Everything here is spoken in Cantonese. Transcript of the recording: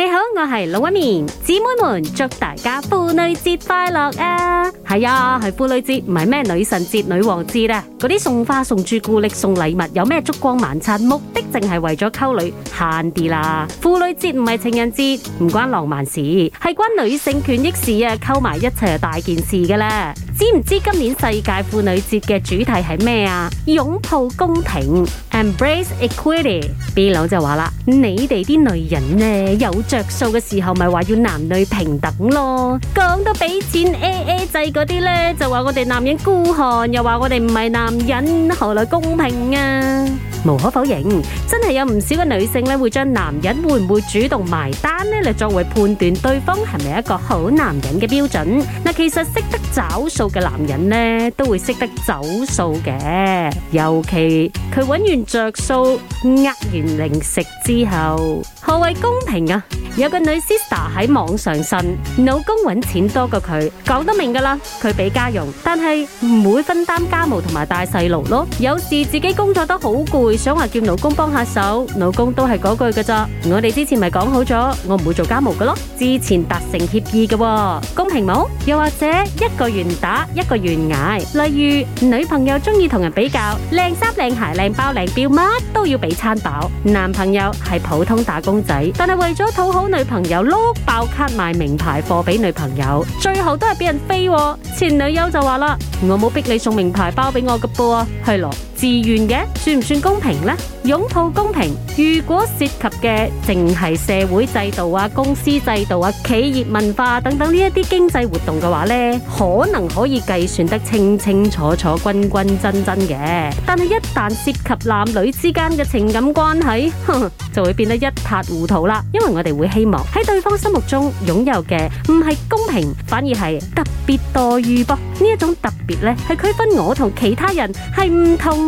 你好，我係龍紋敏，姊妹們祝大家婦女節快樂啊！係啊，係婦女節唔係咩女神節、女王節啊。嗰啲送花、送朱古力、送禮物，有咩燭光晚餐？目的淨係為咗溝女，慳啲啦！婦女節唔係情人節，唔關浪漫事，係關女性權益事啊，溝埋一齊就大件事噶啦！知唔知今年世界婦女節嘅主題係咩啊？擁抱公平 embrace equity。B 佬就話啦，你哋啲女人呢有着數嘅時候咪話要男女平等咯，講到俾錢 AA 制嗰啲呢，就話我哋男人孤寒，又話我哋唔係男人，何來公平啊？無可否認，真係有唔少嘅女性咧，會將男人會唔會主動埋單呢，嚟，作為判斷對方係咪一個好男人嘅標準。嗱，其實識得。找數嘅男人咧都會識得走數嘅，尤其佢揾完著數，呃完零食之後，何謂公平啊？有個女 sister 喺網上呻，老公揾錢多過佢，講得明噶啦，佢俾家用，但係唔會分擔家務同埋帶細路咯。有時自己工作得好攰，想話叫老公幫下手，老公都係嗰句噶咋。我哋之前咪講好咗，我唔會做家務噶咯，之前達成協議嘅，公平冇？又或者一個。一個願打，一個願挨。例如女朋友中意同人比較靚衫、靚鞋、靚包、靚表，乜都要俾餐飽。男朋友係普通打工仔，但係為咗討好女朋友，碌爆卡買名牌貨俾女朋友，最後都係俾人飛啊。前女友就話啦：我冇逼你送名牌包俾我噶噃，係咯。自願嘅算唔算公平咧？擁抱公平，如果涉及嘅淨係社會制度啊、公司制度啊、企業文化等等呢一啲經濟活動嘅話咧，可能可以計算得清清楚楚、均均真真嘅。但係一旦涉及男女之間嘅情感關係，呵呵，就會變得一塌糊塗啦。因為我哋會希望喺對方心目中擁有嘅唔係公平，反而係特別待遇噃。呢一種特別咧，係區分我同其他人係唔同。